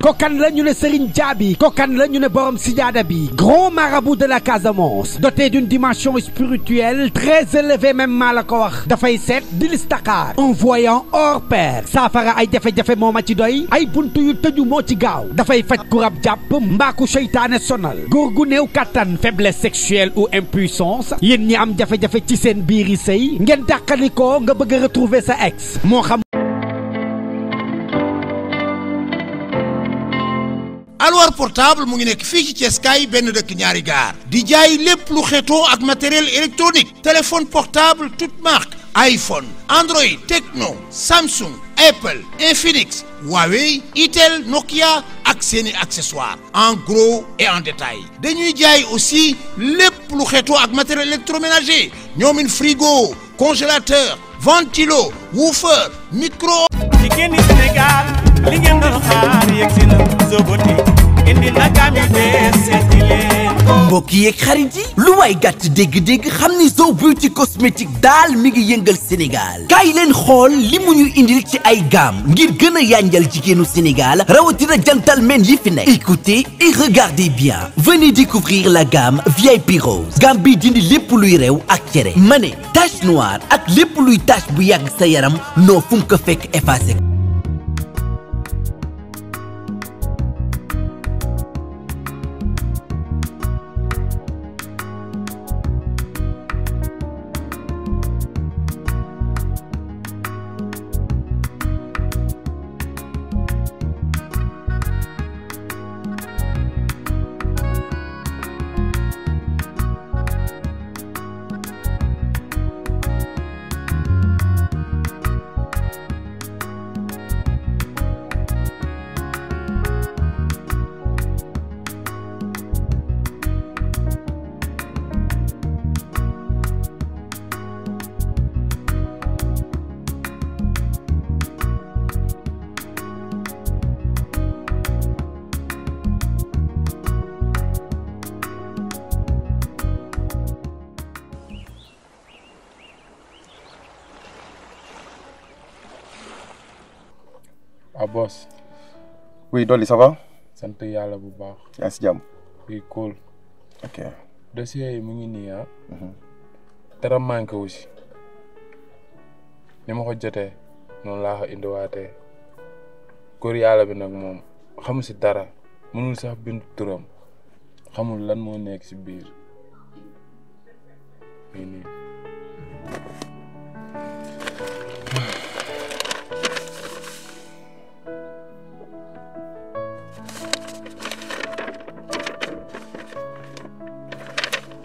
kokan la ñu ne Serigne Dia kokan la ñu ne borom sijaada bi grand marabout de la Casamance doté d'une dimension spirituelle très élevée même malako la ko wax dafay envoyant voyant hors pair Safara ay jafé jafé moma ci doy ay buntu yu tëju mo ci gaaw dafay fay fajj ou mbaku sonal faiblesse sexuelle ou impuissance yeen ñi am jafé jafé ci sen biir yi ngeen nga bëgg retrouver sa ex Alwar portable mu ngi nekk fii ci Thiès kaay benn dëkk ñaari gaar di jaay lépp lu xeetoo ak matériel électronique téléphone portable toute marque iPhone Android Techno, Samsung Apple Infinix Huawei, Itel, Nokia ak seeni accessoires en gros et en détail dañuy jaay aussi lépp lu xeetoo ak matériel électroménager ñoomin frigo congélateur ventilo woofer micro ci Sénégal li ngeen doon xaar yegg indi naka mi bees seeti leen mbokk yeeg xarit yi lu waay gàtt dégg-dégg xam ni Zo Beauty cosmétique daal mi ngi yëngal Sénégal kaay leen xool li mu ñu indil ci ay gamme ngir gën a jàngal au Sénégal rawatina gentlemen y écoutez et regardez bien venez découvrir la gamme VIP Rose Gambi d'une dindi ou luy réew tache noire ak lépp tache bu yàgg sa yaram noo Ah, boss. oui Dolly ça va. Ça bu baax. la oui cool. ok. dossier est temps. Je suis ah. Mhm. dara là aussi. si. ni ma ko jotee noonu laa ko indiwaatee. bi nag moom xamu dara mënul sax bind de xamul lan moo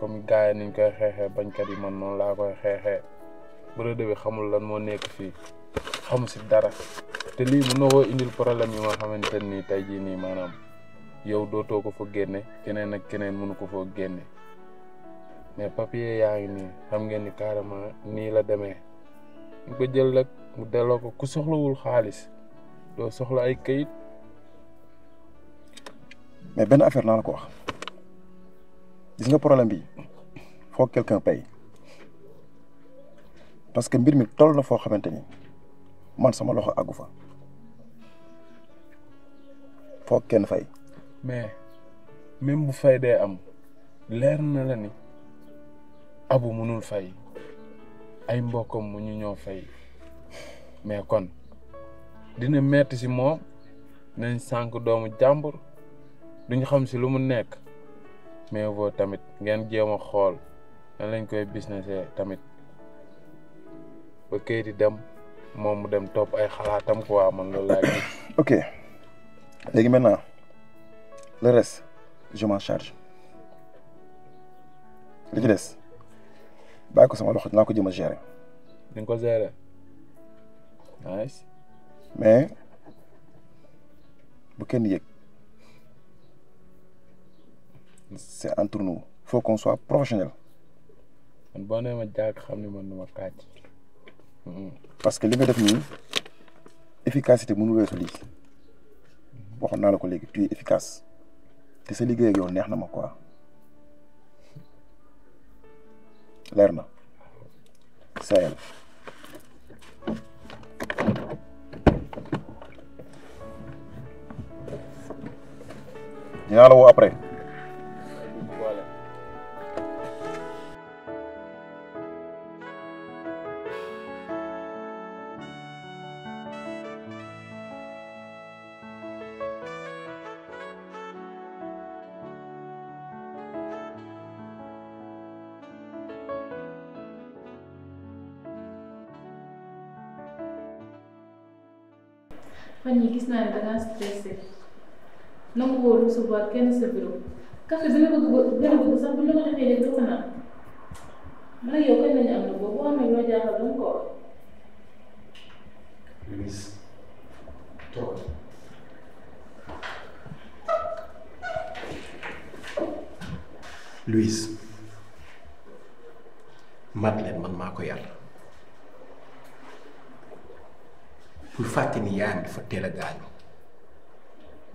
comme gars niñ koy xeexee bañkat yi man noonu laa koy xeexee Brodé bi xamul lan moo nekk fii xamu si dara te lii mën na koo indil problème i nga xamante nii tey jii nii maanaam yow dootoo ko fa génne keneen ak keneen mënu ko foo génne mais papier yaa ngi nii xam ngeen ni carrément nii la demee ñu ko jël mu delloo ko ku soxlawul xaalis doo soxla ay kayit mais benn affaire naa ko wax gis nga problème bi faut que quelqu'un paye parce que mbir mi toll na foo xamante ni man sama loxo àggu fa faut kenn fay. mais même bu fay dee am leer na la ni abu mënul fay ay mbokkam mu ñu ñoo fay mais kon dina metti ci moom nañ sànq doomu jàmbur duñ xam si lu mu nekk. mais vaut tamit ngeen jéem a xool nan lañ koy businessé tamit ba këyit di dem moom mu dem topp ay xalaatam quoi man loolu laa gis. ok léegi maintenant le reste je charge li ci des bàyyi ko sama loxo dinaa ko jëm a gérer. ko gérer mais bu kenn yëg. c'est entre nous il faut qu'on soit professionnel. Mm-hmm. parce que l'efficacité de efficacité mon On la collègue tu es efficace Tu ce liggéey ma quoi c'est ça là après. na nga woo recevoir kenn sa bureau café bi nga bëgg ba nga bëgg sax bu ñu la ko defee doo ko naan man ak yow kañ la ñu am na boobu boo amee loo jaaxal dama ko wax. Louise toog. Louise Madeleine man maa ko yar bul fàtte ni yaayam dafa teel a gaañu.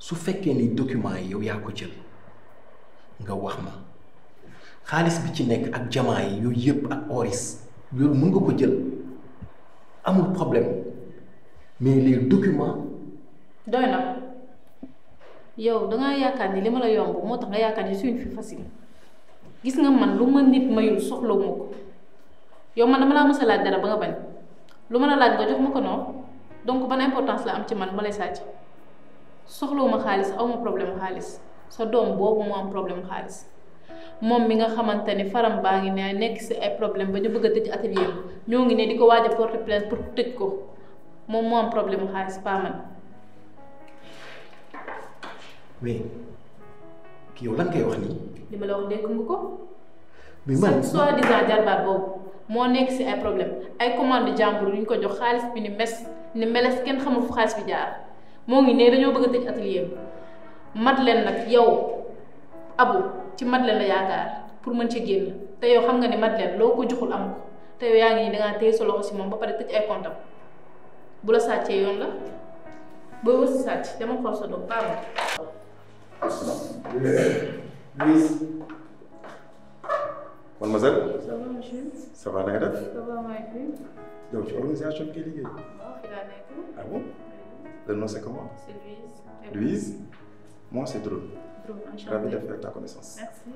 su fekkee ni document yi yow yaa ko jël nga wax ma xaalis bi ci nekk ak jamaa yi yooyu yëpp ak oris yooyu mën nga ko jël amul problème mais les documents. doy na yow dangaa yaakaar ni li ma la yomb moo tax nga yaakaar ni suñu fi facile gis nga man lu ma nit mayul soxlawu ma ko yow man dama laa mës a laaj dara ba nga bañ lu ma la laaj nga jox ma ko noonu donc ban importance la am ci man ma lay sàcc. soxlawuma xaalis awma problème xaalis sa doom boobu moo am problème xaalis moom mi nga xamante ni faram baa ngi ne nekk si ay problème ba ñu bëgg a tëj atelier bi ñoo ngi ne di ko waaja a porter pour tëj ko moom moo am problème xaalis pas man mais kii yow lan ngay nga ko. mais man soi-disant jarbaat boobu moo nekk si ay problème ay commande jàmbur yu ñu ko jox xaalis bi ni mes ni meles kenn xamul fu xaalis bi jaar. moo ngi ne dañoo bëgg a tëj atelier leen nag yow abu ci leen la yaakaar pour man ci génn te yow xam nga ne leen loo ko joxul am ko te yow yaa ngi nii dangaa téye sa loxo si moom ba pare tëj ay comptam bu la sàccee yoon la booy wër si sàcc dama xool sa doom baaxul. Louise. Le nom, c'est comment C'est Louise. Louise Moi, c'est Drew. Drew, Ravi de faire ta connaissance. Merci.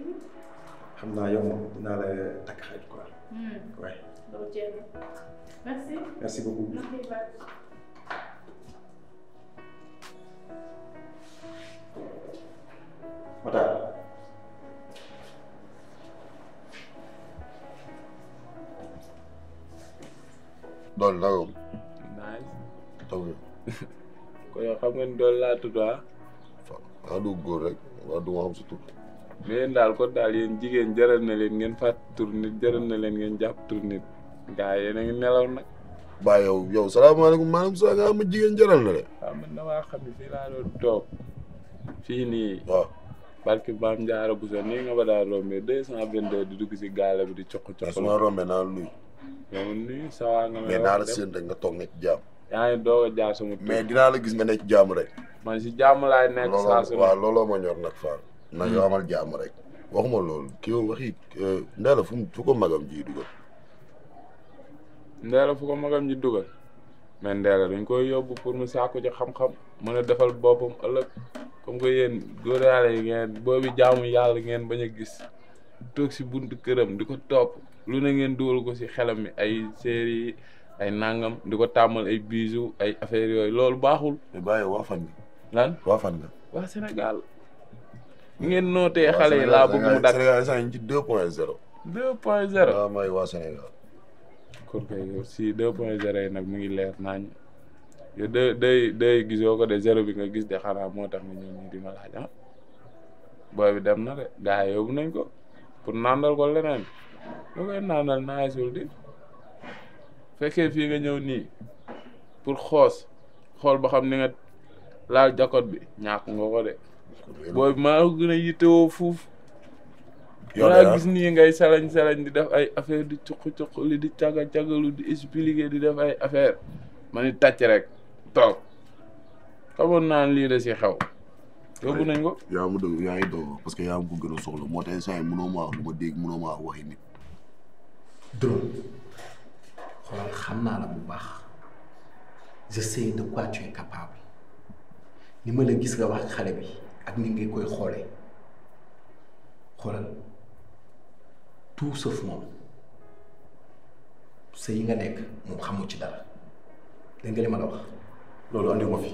Hamna, yo, dina la takrel, quoi. Hmm. Ouais. Merci. Merci beaucoup. Merci, Madame. Dol, dol. Nice. Thank you. ko yow xam ngeen dool laa tudd ah. ah du góor rek waaw du ma xam sa tur. yéen daal kon daal yéen jigéen jaral na leen ngeen fàtt tur nit jaral na leen ngeen jàpp tur nit gaa yéen a ngi nelaw nag. ba yow yow salaamaaleykum maanaam sa nga ma jigéen jaral na de. waaw man damaa xam ne fii laa doon toog fii nii. barki baam njaara bu sa nii nga ba daal rombee deux di dugg si gaale bi di coq coq. waaw su ma rombee yow nuyu sa nga ma mais la séen nga toog nekk jàmm. yaa ngi doog a jaar mais dinaa la gis nga ne ci jàmm rek. man si jàmm laay nekk saa su looloo ma ñor nag Fall. Hmm. na yoo amal jàmm rek. waxuma loolu kii woon waxi euh, Ndéla fu mu fu ko magam ji dugal. Ndéla fu ko magam ji dugal. mais Ndéla dañ koy yóbbu pour mu sàkku ci xam-xam. mën a defal boppam ëllëg comme que yéen góor yàlla yi ngeen boobu jaamu yàlla ngeen bañ a gis. toog si bunt këram di ko topp lu ne ngeen dugal ko si xelam mi ay série ay nangam di ko tàmmal ay bisu ay affaire yooyu loolu baaxul. mais wa waa fan nga. lan waa fan nga. Sénégal. ngeen nootee xale yi laa bëgg mu dakk Sénégal saa ñu ci deux point zéro. deux point zéro waaw mooy waa point zéro yi nag mu ngi leer nañ yow deux deux deux ko de zéro bi nga gis de xanaa moo tax ñu ñëw di ma laaj ah. booy bi dem na de gars yi nañ ko pour nandal ko leneen lu koy nandal naa suul di. fekkee fii nga ñëw nii pour xoos xool ba xam ni nga laal jakkot bi ñàkk nga ko de booy maa gën a yittewoo fuuf laa ah. gis nii ngay salañ salañ di def ay affaire di cuq cuq li di caga cagalu di expliquer di def ay affaire ma ni tàcc rek toog xamoon naa lii de si xew yóbbu nañ ko yaa mu dëgg yaa ngi doog parce que yaa mu ko gën a soxla moo tax saa yi mënoo maa wax lu ma dégg mënoo maa wax waxi nit dërëm sais la je sais de quoi tu es capable ni ma la gis nga wax xale bi ak ni nga koy tout sauf moom sa yi nga nekk je xamu ci dara dégg nga wax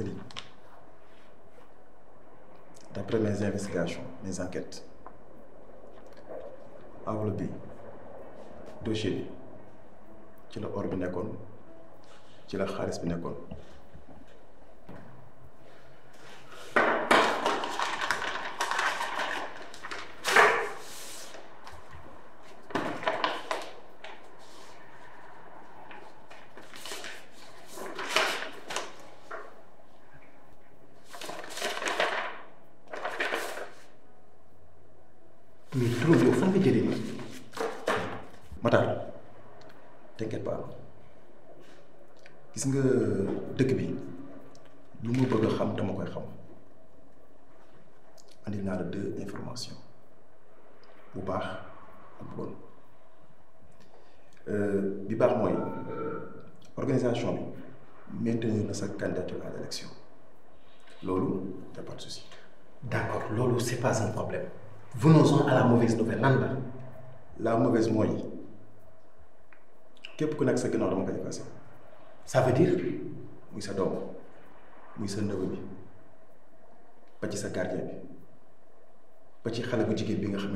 andi d'après mes investigations mes enquêtes enveloppe bi dossier bi ci la or bi nekkoon ci la xaalis bi nekkoon Vous Venons-en à la mauvaise nouvelle la. mauvaise moyenne. Qu'est-ce que sa as fait? ça veut dire. muy sa ça ne sa pas bi ba ci sa gardien bi ba ci bu bi nga je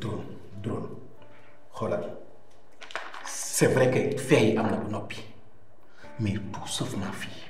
drone drone c'est vrai que Faye a mais tout sauf ma fille.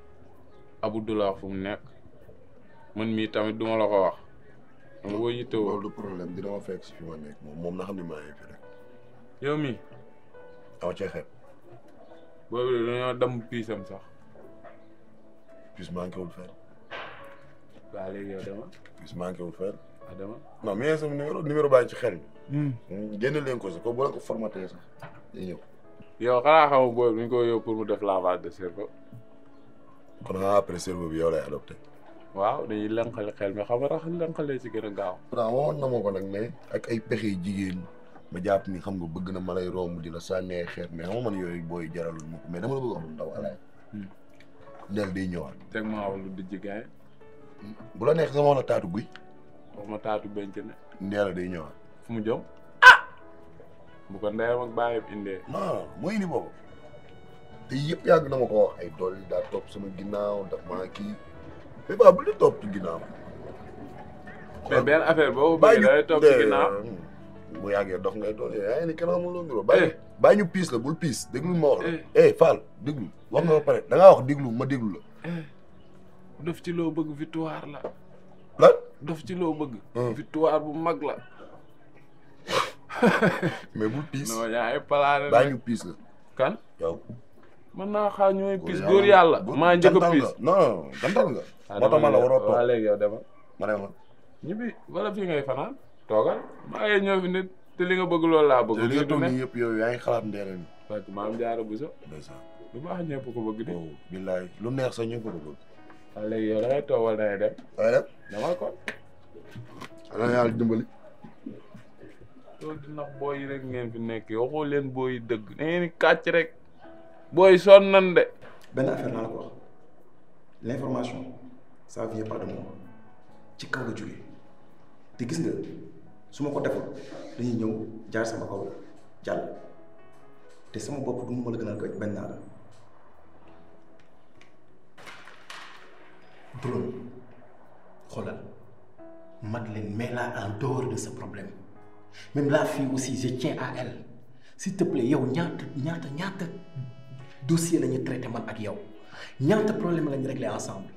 Abdoulaye fu mu nekk man mii tamit duma la ko wax. dama ko yittewoo loolu du problème dina moom na xam ne maa ngi fi rek. yow mii. aw cee boobu de dañoo sax. piis manqué wul fenn. waaw léegi yow dama. piis manqué wul fenn. ah dama. non mais sama numéro numéro baa ngi ci xel. Hmm. Hmm, génne leen ko si ko bu la ko sax day ñëw. yow xanaa xamul boobu dañ ko yow pour mu def lavage de cerveau. xanaa après cerveau bi yow lay adopté. waaw dañuy lënkale xel mi xam nga rax lënkale si gën a gaaw. pourtant waxoon na ma ko nag ne ak ay pexe jigéen ma jàpp ni xam nga bëgg na ma lay romb di la sànnee xeet xam nga yooyu booy jaralul ma mais dama la bëgg hmm. di jigéen. bu la neex taatu guy. wax ma taatu benn ne. day ñëwaat. fu mu jëm. ah. bu ko ndeyam ak bàyyam indee. non mooy indi boobu. te yep yag na ma ko wax ay dool da daa topp sama da ndax ki kii ba bu la topp ginnaaw. mais benn affaire bo bëggee da lay topp ginnaaw bu yàggee dox ngay dol ay ni kenn amul loo niroo. bàyyi ñu piis la bul piece, déglu mo wax eh fal, déglu wax eh. nga ba pare da nga wax déglu ma déglu la. Eh. dof ci lo bëgg victoire la. lan dof ci lo bëgg. Eh. victoire bu mag la. mais bul piis. non ya ay palaare la bàyyi ñu piis la. kan yow mën naa xaar ñooy pis góor yàlla maa njëkk a pis non gantal nga moo tax ma la waroo toog léegi yow demal ma ne ma ñibbi wala fii ngay fanaan toogal maa ngi ñëw fi nit te li nga bëgg loolu laa bëgg li nga toog nii yëpp yow yaa ngi xalaat ndeere ni parce que maam jaara bu sa ndeysaan lu baax ñëpp ko bëgg de oh, billaay lu neex sa ñëpp ko bëgg waaw léegi yow da ngay toog wala da ngay dem da ngay dem dama ko ala yàlla dimbali loolu di nax booy rek ngeen fi nekk waxoo leen booy dëgg ngeen kàcc rek boy son nan de. ben affaire naa la ko l'information ça vient pas de moi ci kaw la jógee te gis nga su ko defal dañuy ñew jaar sama kaw la jàll te sama bop du ma la gënal ko Ben naa la. xolal Madeleine mets-la en dehors de ce problème même la fille aussi je tiens à elle s'il te plaît yow ñaata ñaata ñaata. dossier la ñu traité man ak yow ñaata problème la ñu réglé ensemble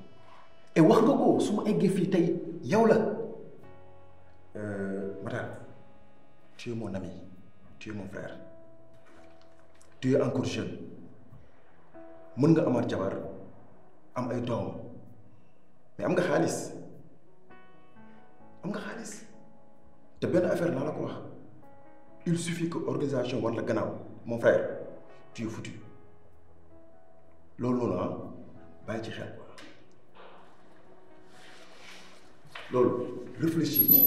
et wax nga ko su ma eggee fii tey yow la euh, Matar tu es mon ami tu es mon frère tu es jeune mën nga amaat jabar am ay doom mais am nga xaalis am nga xaalis te benn affaire naa la ko wax il suffit que organisation war la gannaaw mon frère tu es loolu noonu ah bàyyi ci xel loolu réfléchir ci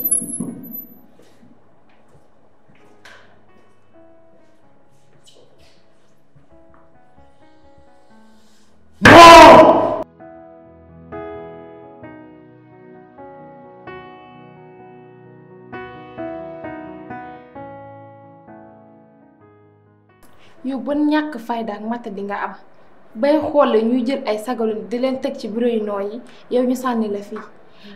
yow ban ñàkk fayda mat mata nga am bay xoole ñuy jël ay sagaru di leen teg ci bureau yu nooy yi yow ñu sànni la fii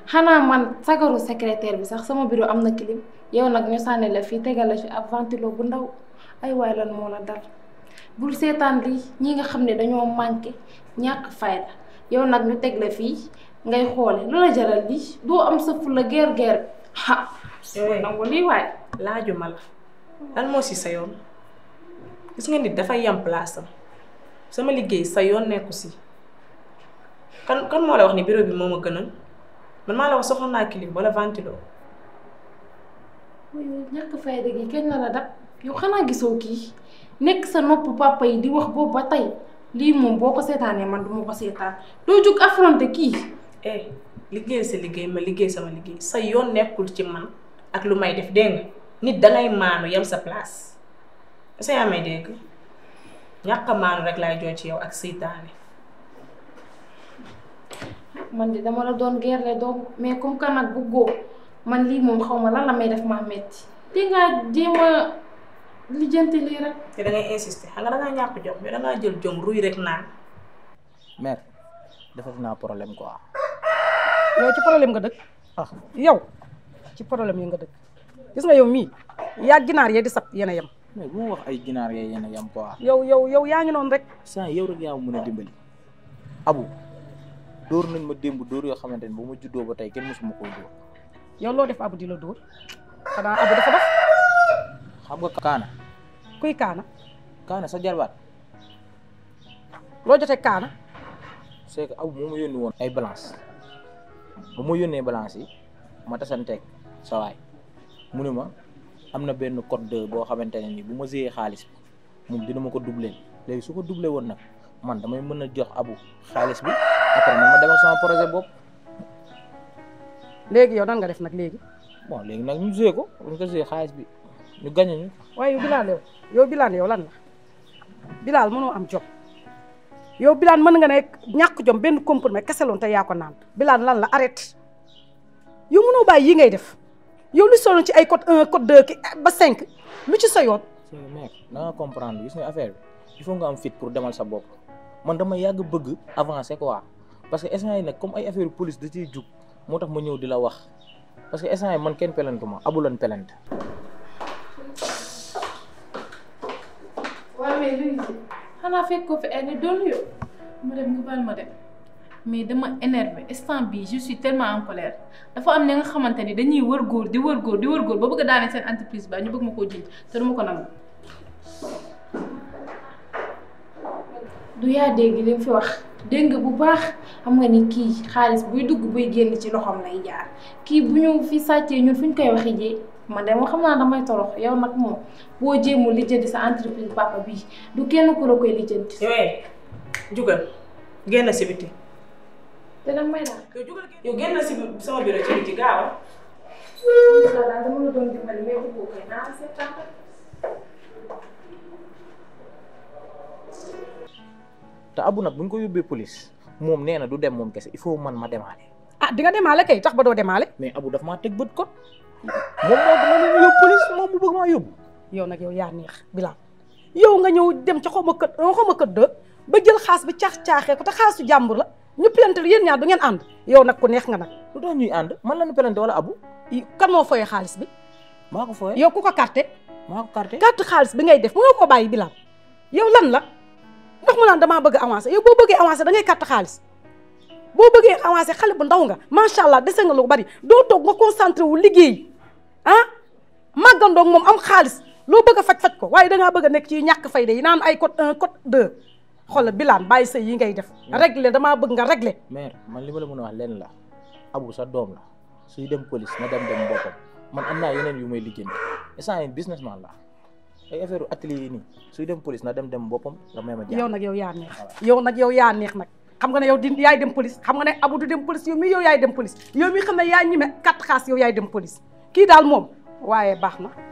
xanaa man sagaru secrétaire bi sax sama bureau am na clim yow nag ñu sànni la fii tegal la ci ab ventilo bu ndaw ay waay lan moo la dal bul seetaan lii ñi nga xam ne dañoo manqué ñàkk fayda yow nag ñu teg la fii ngay xoole lu la jaral lii doo am sa fula geer geer ha eh, nangu lii waay laajuma la lan moo si sa yoon gis nga nit dafay yam place am sama liggéey sa yoon nekku si kan kan moo la wax ni bureau bi moom ma gënal man maa la wax soxla naa clim wala ventilo. ñàkk fayda gi kenn la dab yow xanaa gisoo kii nekk sa nopp papa yi di wax boobu ba tey lii moom boo ko seetaanee man du ma ko seetaan doo jóg affronté kii. Eh, liggéey sa liggéey ma liggéey sama liggéey sa yoon nekkul ci man ak lu may def dégg nit dangay maanu yam sa place est-ce may dégg. ñàkk a maanu rek laay jooy ci yow ak seytaane man di dama la doon gerle doom mais comme que nag bëggoo man lii moom xaw ma lan la may def ma metti di nga jéem a lijjanti lii rek. te da ngay insister xam nga da ñàkk jom mais da jël jom ruy rek naan. mère defati naa problème quoi. yow ci problème nga dëkk ah, yow ci problème yi nga dëkk gis nga yow mii yaa ginaar yee di sab yéen a yem. mais bu ma wax ay ginaar yee ya, yéen a yam quoi. yow yow yow yaa ngi rek. saa yow rek yaa mën dimbali. abu dóor nañ ma démb dóor yoo xamante ne bu ma juddoo ba tey kenn mosuma koo dóor. yow loo def abu di la dóor xanaa abu dafa def. xam nga kaana. kuy kaana. kaana sa jarbaat. loo jotee kaana. c'est que abu moo ma yónni woon ay balance ba ma yónnee balance yi ma tasanteeg sa waay mu am na benn code de boo xamante ne ni bu ma jiyee xaalis bi moom dina ma ko doublé léegi su ko doublé woon nag man damay mën a jox abu xaalis bi après man projet bopp. léegi yow nan nga def nag léegi. bon léegi nag ñu jiyee ko ñu ko bi ñu gagné ñu. waaye Bilal yow yow Bilal yow lan la Bilal mënoo am jom yow Bilal mën nga ne ñàkk jom benn compromis kese loon te yaa ko naan Bilal lan la arrêté yow mënoo bàyyi yi ngay def. yow lu solo ci ay code 1 code 2 ki eh, ba 5 lu ci sa mec na nga comprendre gis nga affaire il faut nga am fit pour demal sa bop man dama yag beug avancer quoi parce que instant nak comme ay affaire police da ci djuk motax ma ñew dila wax parce que instant man ken pelantuma abulon pelant pelante. waaw mais Louga xanaa fekk ko fi ay eh, ne doon yow ma dem nga baal ma dem. mais dama énervé instant bii je suis tellement en dafa am ne nga xamante ni dañuy war góor di wër góor di wër góor ba bëgg a seen entreprise ba ñu bëgg ma koo jiñ te du ma ko nag du yaa dégg li fi wax dégg nga bu baax xam nga ni kii xaalis buy dugg buy génn ci loxoom lay jaar kii bu ñu fi sàccee ñun fu ñu koy waxi jee man de moo xam naa damay torox yow nag moom boo jéemul lijjanti sa entreprise papa bi du kenn ku la koy lijjanti. yooyu jugal génn si biti dana may daal. yow génn te abu nag bu ñu ko yóbbee police moom nee na du dem moom kese il faut man ma demaale. ah dinga nga demaale kay tax ba doo demaale. mais abu daf ma teg bët kon moom moo dama yóbbu police yow nag yow yaa neex Bilal yow nga ñëw dem ca xaw ma kët xaw ma kët ba jël xaas bi caax caaxee ko te xaasu jàmbur la. ñu pelante yeen ñaar du ngeen and yow nak ku neex nga nak lu tax ñuy and man la ñu pelante wala abu kan mo foye xaliss bi mako foye yow ku ko carte mako carte carte xaliss bi ngay def mo ko bayyi bilaal yow lan la ndax mo lan dama bëgg avancer yow bo bëggee avancer da ngay carte xaliss bo bëggee avancer xalé bu ndaw nga macha allah dese nga lu bari do tok nga concentré wu liggéey ah magandok mom am xaliss lo bëgg a fajj ko waye da nga bëgg a ci ñak fayde yi naan ay code un code 2 xoolal bilaan bàyyi sa yi ngay def. régler damaa bëgg nga régler. mais man li ma la mën a wax leen la abu sa doom la suy dem police na dem dem boppam man am naa yeneen yu may liggéeyam instant yii businessman la ay affaire atelier yi suy dem police na dem dem boppam nga may ma. yow nag yow yaa neex yow nag yow yaa neex nag. xam nga ne yow di yaay dem police xam nga ne abu du dem police yow mi yow yaay dem police yow mi xam ne yaa ñime quatre xaas yow yaay dem police kii daal moom waaye baax na.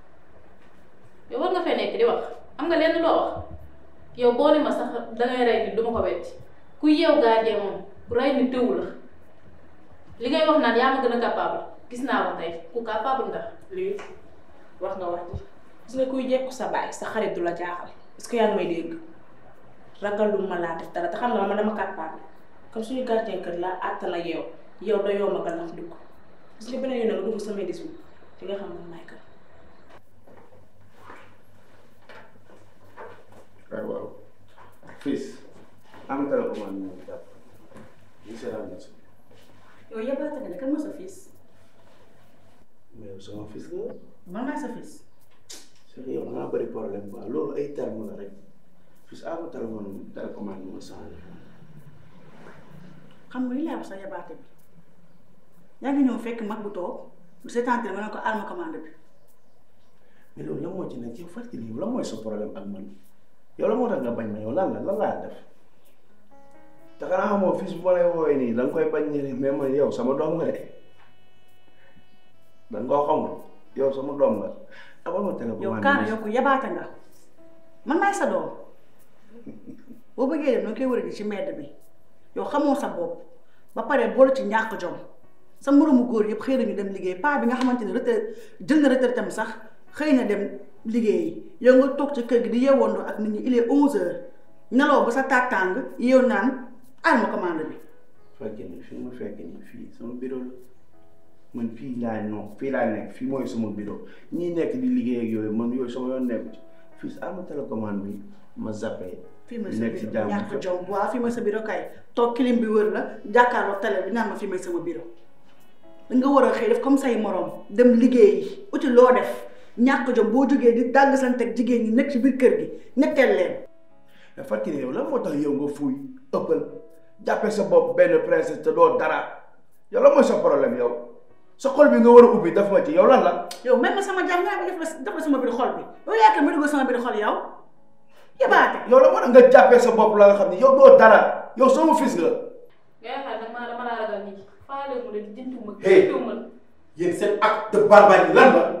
yow war nga fay nekk di wax am nga lenn loo wax yow boo ne ma sax dangay rey nit du ma ko wetti ku yeew gardien moom rey nit tëwu la li ngay wax naan yaa ma gën a capable gis naa ko tey ku wax nga wax ji gis kuy jekku sa baay sa xarit du la jaaxal est-ce yaa ngi may dégg ragal lu ma laa def dara te xam nga ma dama capable comme suñu gardien kër laa àttana yeew yow dayoo ma ba dugg gis beneen yoon nga dugg samay dis bi nga xam ne maay kër Please, I'm a terrible man with that. You said I'm not. Yo, you're better than I can, what's the fees? Mais c'est un fils là Non, mais c'est fils. C'est vrai, on a pas de problème. Alors, il y a un rek. Fils, avant de téléphone, téléphone, on m'a sangé. Xam nga ni laa sa yabaate bi. Yaa ngi ñëw fekk mag bu toog, bu seetaan télé ma ko aal commande bi. Mais loolu la moo ci nekk yow fàttali yow la mooy sa problème ak man. yow la moo tax nga bañ ma yow lan la lan laa def te xanaa xamoo fils bu ma lay woowee nii da koy bañ ne mais man yow sama doom nga de da koo xamul yow sama doom la abal ma téléphone. yow Kaana yow ko yabaate man maay sa doom boo bëggee dem koy wër ci mbedd bi yow xamoo sa bopp ba pare boole ci ñàkk jom sa moromu góor yëpp xëy na dem liggéey paa bi nga xamante ne retraite jël na retraite tam sax xëy na dem. liggéey yow nga toog ci kër gi di yeewandoo ak nit ñu il est 11h neloo ba sa tàttàng yow naan alma commande bi. fekkee ne fi ma fekkee ne fii sama bureau la man fii laa non fii laa nekk fii mooy sama bureau ñi nekk di liggéey ak yooyu man yooyu sama yoon nekku ci fii alma télécommande bi ma zappé. fii ma sa bureau ñàkk jom waaw fii ma sa bureau kay toog kilim bi wër la jàkkaarloo tele bi naan ma fii may sama bureau. nga war a xëy def comme say morom dem liggéeyi uti loo def. ñàkk jom boo jógee di dàgg santeeg jigéen ñi nekk ci biir kër gi netteel leen. Fatou yow lan moo tax yow nga fuuy ëppal jàppee sa bopp benn princesse te doo dara yow sa problème yow sa xol bi nga war a ubbi daf ma ci yow la. la def la sama biir xol bi ma dugg sama biir xol yow yabaate. yow la moo tax nga jàppee sa bopp la nga xam ne yow doo dara yow sama fis nga. nga yaakaar nag maa dama laa ragal nit faale mu la jëntu ma. jëntu ma yéen seen acte de barbarie lan la.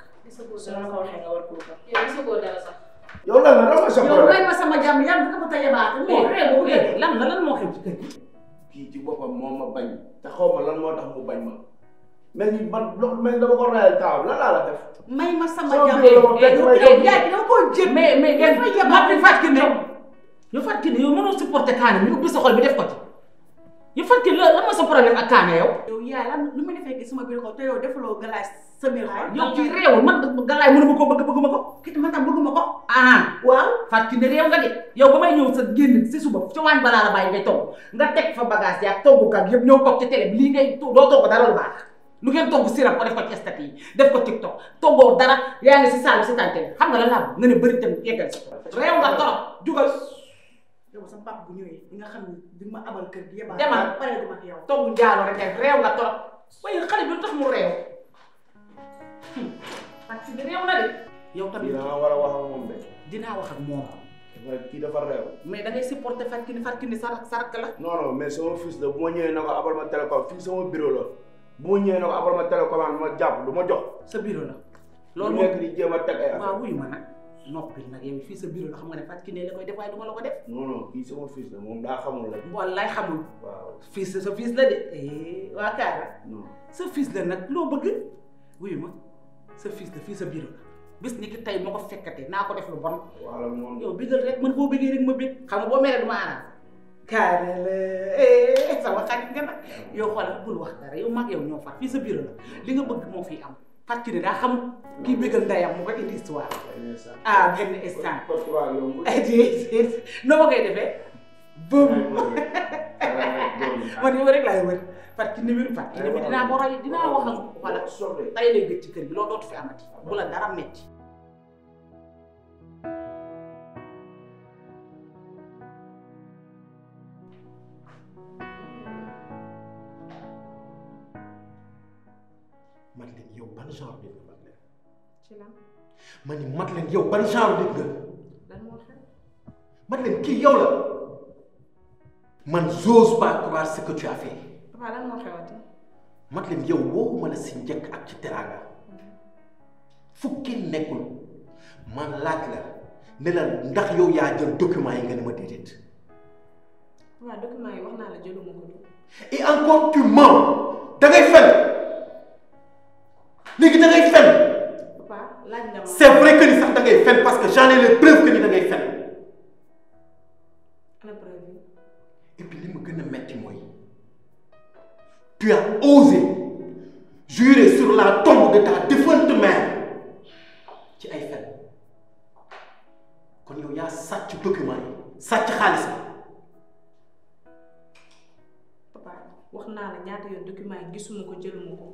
su ma la ko waxee nga war koo xam. sax. sa problème yow may ma sama jàmm yan nga ko oh. la lan moo xew ci kii ci boppam moo ma bañ te xaw ma lan moo tax mu bañ ma mel ni man loolu mel ni dama ko rayal taaw lan laa la def. may ma sama jàmm eh, dama koo jéem mais mais ngeen. dafa yebbaat ne fàttali ne yow fàttali ne yow mënoo supporter kaani ñu ubbi sa xol bi def ko ci. ya fàtte la lan ma sa problème a Kaane yow. yow yaay lan lu ma defee sama biir ko te yow defuloo galaay sa biir ko. yow ci réew man galaay mënuma ko bëgg bëgguma ko. kii man tam bëgguma ko. ah waaw fàtte ne réew nga de yow ba may ñëw sa génn si suba ca waañ fa bagage yaa toggukat yëpp ñëw toog ci télé bi lii ngay doo lu baax. lu ngeen togg def ko ci stat yi def ko TikTok toggoo dara yaa ngi si saal si tànte xam nga la laam nga ne bëri tam yeggal si réew torop jugal yow sa pap bu ñëwee di nga xam kan, ne di ma abal kër gi yebaa demal pare dama ak yow togg jaalo rek ak réew nga torop waaye xale bi tax mu réew parce que réew na de yow tamit dinaa war a wax ak moom de dinaa wax ak moom kii dafa réew mais da ngay supporter fàttali ni fàttali ni sarak sarak la non non mais sama fils la bu ma ñëwee na abal ma télécom fii sama bureau la bu ma ñëwee na ko abal ma télécommande ma jàpp du jox sa bureau la loolu nekk di jéem eh. a ay waaw wuyu ma nag noppi nag fii sa bureau la xam nga ne Fatou Kiné la koy def waaye ma la ko def. non non kii sama fils la moom daa xamul la. wallaay xamul. sa fils la de. Eh, waa Kaara. non sa loo bëgg. wuyu ma fii sa bureau la. ni ki tey ma ko naa ko def lu bon. bëggee rek ma bëgg. xam nga boo meree ma aaraat. Kaara la eh, sama xarit nga nag yow ñoo far sa bureau li nga bëgg moo fii am. Fatou daa xamul kii bëggal ndeyam mu ko indi histoire ah benn instant eh, noo ma koy defee boobu man yow rek laay wër Fatou ni wër Fatou ni dinaa ko roy dinaa wax ak wala tay lay gëj ci kër gi loolu dootu fi amati bu la dara metti Madeleine yow ban genre nit nga Madeleine. ci lan. ma ni Madeleine yow ban genre nga. xew. Madeleine yow la man pas croire ce que tu as fait. papa Madeleine yow si ak ci man la ne la ndax yow yaa jël document yi nga ne ma déedéet. yi wax la ko. et encore tu mens da léegi da ngay fen. c'est vrai que ni sax da ngay fen parce que j'en ai les preuves que ni da ngay preuve. et puis li ma gën a metti mooy tu as osé jurer sur la tombe de ta défunte mère ci ay fen kon yow yaa sàcc document yi sàcc xaalis bi. papa wax naa la ñaata yoon document yi gisuma ko jëluma ko.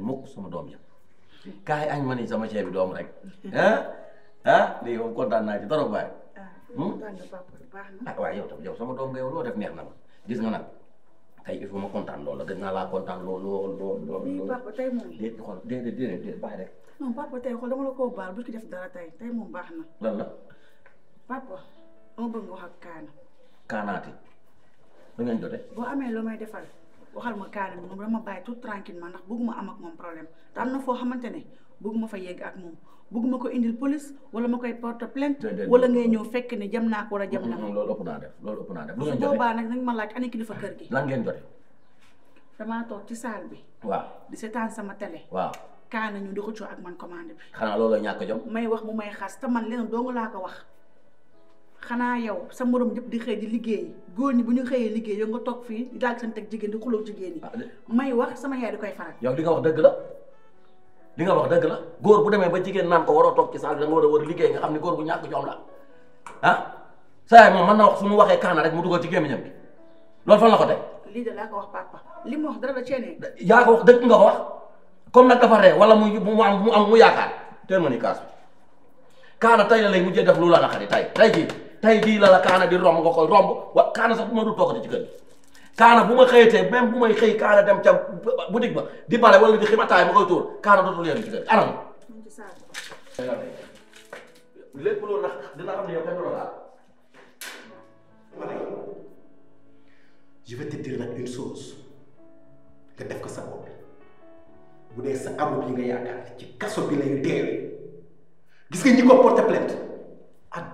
leen mukk sama doom ya kay añ mané ni sama ceebi doom rek hein ah lii hmm? ko kontaan na ci trop waaye. ah waaye yow tam yow sama doom nga yow loo def neex na gis nga nag tey il faut ma kontaan loolu la gën naa laa kontaan lool lool lool lool. lii papa tey moom déet xool déedéet déedéet bàyyi rek. non papa tay xool dama la ko baal bu ci def dara tay tay mo baax na. lan la. papa on bëgg wax ak kana Kaanaati. da ngeen jotee. boo amee loo may defal. waxal ma carrément moom dama bàyyi tout tranquillement ndax bëgguma am ak moom problème te am na foo xamante ne bëgguma fa yegg ak moom bëgguma ko indil police wala ma koy porte plainte wala ngay ñëw fekk ne jam naa ko wala jam na loolu ëpp naa def loolu ëpp naa def su boobaa ma laaj ana kilifa kër gi lan ngeen ci salle bi waaw di seetaan sama télé waaw kaana ñu di xëccoo ak man commande bi xanaa loolu ñàkk jom may wax mu may xas te man leneen doo nga laa ko wax xana yow sa morom yëpp di xey di liggéey goor ñi bu ñu xëyee liggéey yow nga tok fi di dal seen teg jigéen di xulo jigéen ni ah, may wax sama yaay di koy faral yow li nga wax deug la li nga wax deug la goor bu demee ba jigéen nan ko waro tok ci saal da nga wara wara liggéey nga xamni goor bu ñak jom la ah sa yaay moom mën na wax suñu waxe kana rek mu duggal ci ñam bi loolu fan la ko tek li de la ko wax papa li mu wax dara la ceenee ya ko wax deug nga ko wax comme nak dafa ree wala mu am mu am mu yaakaar teel ma ni kaas kana tay la lay mujjee def lu la xari tay tay ji tey jii la la kaana di romb nga koy romb wa kaana sax bu ma dul toogati ci kër kaana bu ma xëyatee même bu may xëy kaana dem ca boutique ba di bale wala di ximataay ma koy tuur kaana dootul yéen ci kër nag dina xam la laal nga def ko sa bopp bu dee sa amul yi nga yaakaar ci kaso bi lay deewee gis nga ñi ko porté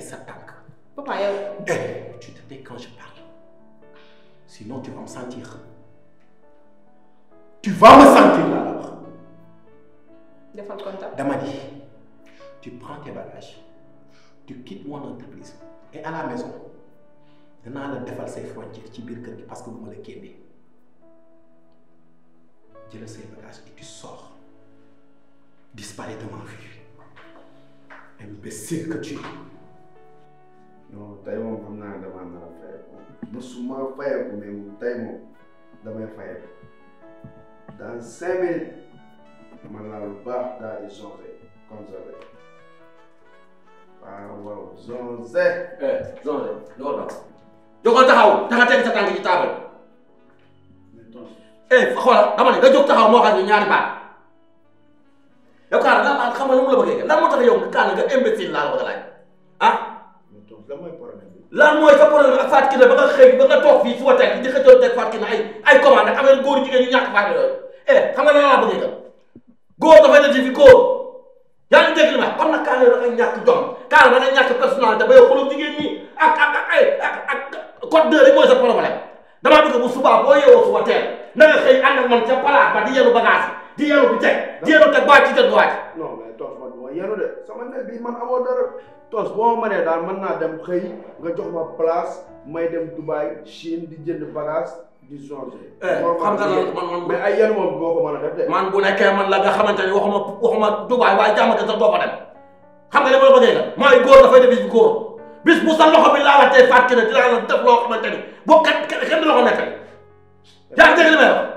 sa papa eh, tu te tais quand je parle sinon tu vas me sentir tu vas me sentir là alors. defal contact. dama tu prends tes bagages tu quittes mon entreprise et à la maison Maintenant, la defal le frontières parce que bu ma la génnee bagages et tu sors disparais de ma vue. MPC-kaci no taimo hamna da não na faya ko musu ma faya ko me mu taimo da ma faya dans cinq minutes não, da de zonze comme ça là wow zonze eh zonze loda jogal taxaw da nga teg sa tànk ci taabal eh xoolal dama ne nga jóg taxaw moo xam ne ñaari baat yow Kaana daa ma xam nga lu mu la bëggee lan moo tax yow Kaana nga imbécile laa la bëgg a laaj ah. lan mooy problème bi. lan mooy sa problème ba nga xëy ba nga toog fii suba tey di xëccoo teg Fatou Kiné ay ay commande affaire góor jigéen ñu ñàkk fàtte yooyu eh xam ma kon nag Kaana da nga ñàkk jom Kaana na nga xëy ànd man ca palaas ba di yenu bagage di yélu bi teg di yélu teg bàcc teg wàcc non mais toos man boo yélu de sama nekk bi man amoo dara toos boo ma mënee daal mën naa dem xëy nga jox ma place may dem Dubaï Chine di jënd bagage di changer eh, xam nga lan man man mais ay yélu moom boo ko mën a def de man bu nekkee man la nga xamante ni waxuma waxuma Dubaï waaye jàmmate sax doo fa dem xam nga li ma la bëggee nga mooy góor dafay def yi góor bis bu sa loxo bi laalantee fàttali ne dinaa la def loo xamante ni boo kat kenn loxo nekk yaa ngi dégg li may wax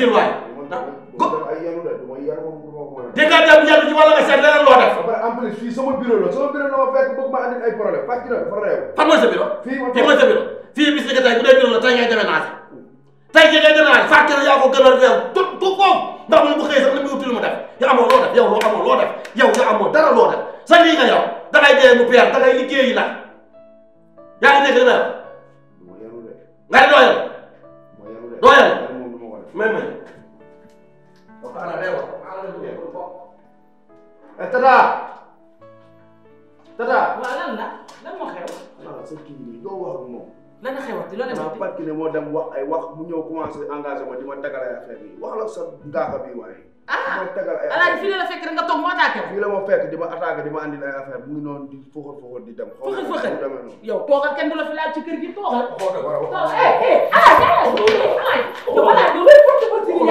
Basiir waay. ndax góob dégg nga dem yàlla ci wàll nga seet leneen loo def. ba pare en plus fii sama bureau la sama bureau la ma fekk bëgg ma andil ay problème parce que dafa réew. fan mooy sa bureau. fii mooy sa bureau fii bis ni que tey bu dee bureau la tey ngay demee naaj. tey jii ngay demee naaj fàtte na yaa ko gën a réew tu tu koom ndax moom bu xëy sax li muy utile mu def yow amoo loo def yow loo amoo loo def yow nga amoo dara loo def sa lii nga yow dangay dee mu peer dangay liggéeyi la yaa ngi nekk dina yow. nga ne doo yow. doo yow mais mais Tata. Tata. waaw lan la lan moo xew. ah sa kii bi doo wax moom. lan la xewati loolu la. parce que moo dem wax ay wax mu ñëw commencé engagé ma di ma tagal ay affaire bi wax la sa ngaaka bi waaye. ah alaaji fii la la fekk rek nga toog moo attaqué fii la ma fekk di ma attaqué di ma andil ay affaire bu ngi noonu di foxal foxal di dem. foxal foxal yow toogal kenn du la fi laal ci kër gi toogal. toogal war a wax.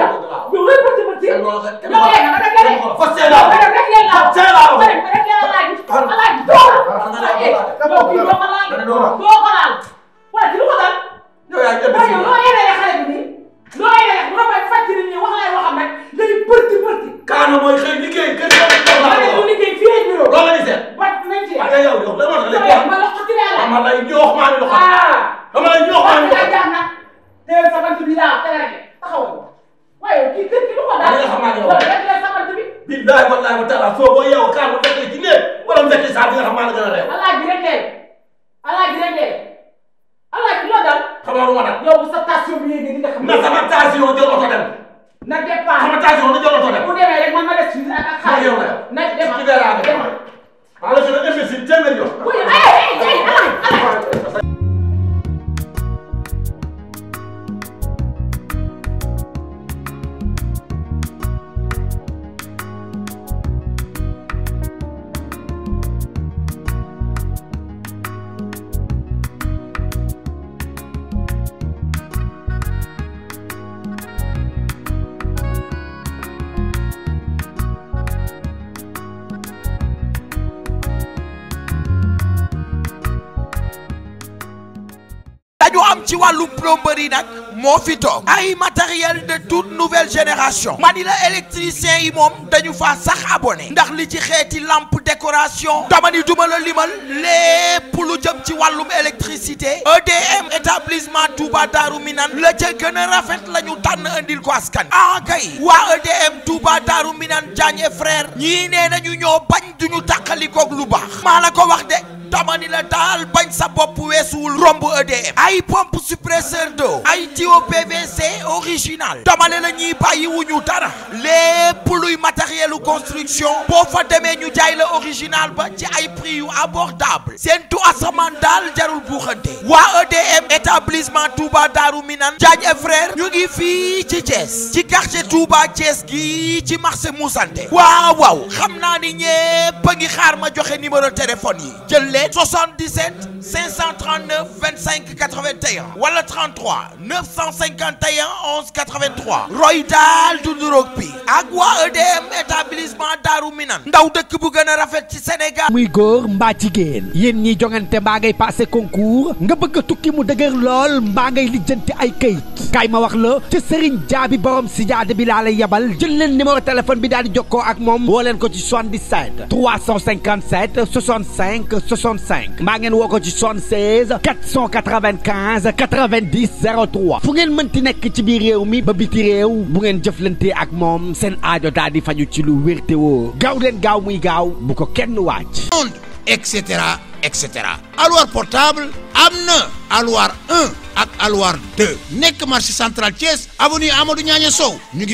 dama la ñu wax maa ngi doxal. dama la ñu wax maa ngi doxal. teel sa bant bi laa teel a ngi taxawal. waaye kii kër gi lu ko daal. billahi wallahi wa taala soo ko yow kaanu fekkee ci néeg wala mu fekkee saa bi nga xam maa la gën a réew. alaaji rek de alaaji rek de alaaji loo dal. xamoo ma dal. yow bu sa station bi yéegee di nga xam. na sama station jël oto dem. na départ sama station na jël oto dem. bu demee rek man ma des ci ak xaalis. na départ ci biir laa dem. alors que ci wàllu plomberie nak mo fi toog ay matériel de toute nouvelle génération ma électricien yi mom dañu fa sax abonné ndax li ci xéti lampe décoration dama ni duma la limal lépp lu jëm ci wàllum électricité EDM établissement Touba Darou Minane la ci gëna a rafet la andil ko askan ah kay wa EDM Touba Darou Minane jañé frère ñi né nañu ñoo bañ duñu tàqalikoog lu bax maa la ko wax de Tamanila dal la dal bañ sa bopp weesuwul romb EDM ay pompe suppresseur d'eau ay tuyau PVC original damale la ñi bàyyi wuñu dara lépp luy construction bo fa démé ñu jaay la original ba ci ay prix yu abordable sen tu asamaan dal jarul buuxante Wa EDM établissement Touba daru minan Diagne e frère ñu ngi fi ci Thiès ci quartier Touba Thiès gi ci marché Moussante waaw waaw xam ni ñépp a xaar ma joxe numéro téléphone yi jël It was on descent, 539 25 81 wala 33 951 11 83 Roydal daal du EDM établissement Darou Minane ndaw dekk bu gëna rafet ci Sénégal muy góor yeen ñi jongante passé concours nga bëgg tukki mu dëgër lool mbaa ngay lijjanti ay kayit kay ma wax la ci Serigne Jaabi borom si bi jël leen numéro téléphone bi daal di jokkoo ak ko ci 77 357 65 65 mbaa ngeen 76 495 90 03 fu ngeen mënti nek ci mi ba biti réew bu ngeen jëflante ak moom seen aajo di faju ci lu et alors portable. Amna, aloir 1 ak alwaar 2 Nek marché central Thiès avenue Amadou Niagne Sow ñu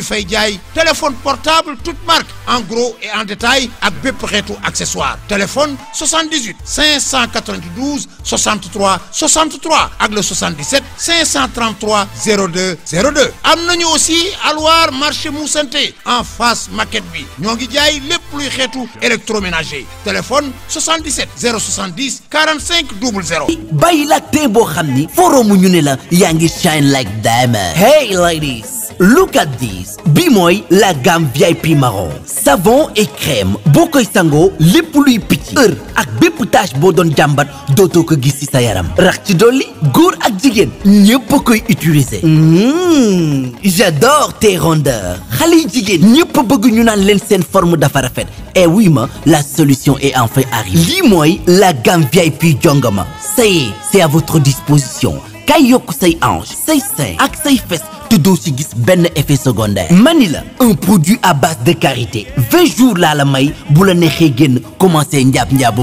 téléphone portable toute marque en gros et en détail ak des accessoires. accessoire téléphone 78 592 63 63 ak le 77 533 02 02 nous aussi aloir marché Moussanté en face maquette bi ñoo ngi jaay lepp luy électroménager téléphone 77 070 45 00 may la tee boo xam ni ñu shine like diamond hey ladies look at this Bimoy, la gamme VIP marron savon et crème Bokoy Sango, sangoo lépp luy ak bépp tache Jambat, doon jàmbat dootoo ko gis ci sa yaram rax ci dolli góor ak Jigen, ñépp a koy utiliser hmm, j'adore tes rondeurs xale Jigen, jigéen bëgg ñu forme dafa rafet et eh oui ma la solution est enfin arrivée lii la gamme VIP jongama est c'est à votre disposition kayok yokk ange, hanche seins et ak tout tout aussi gis effet secondaire Manila, un produit à base de carité. 20 jours là la maille pour la neexee à commencé à njaabu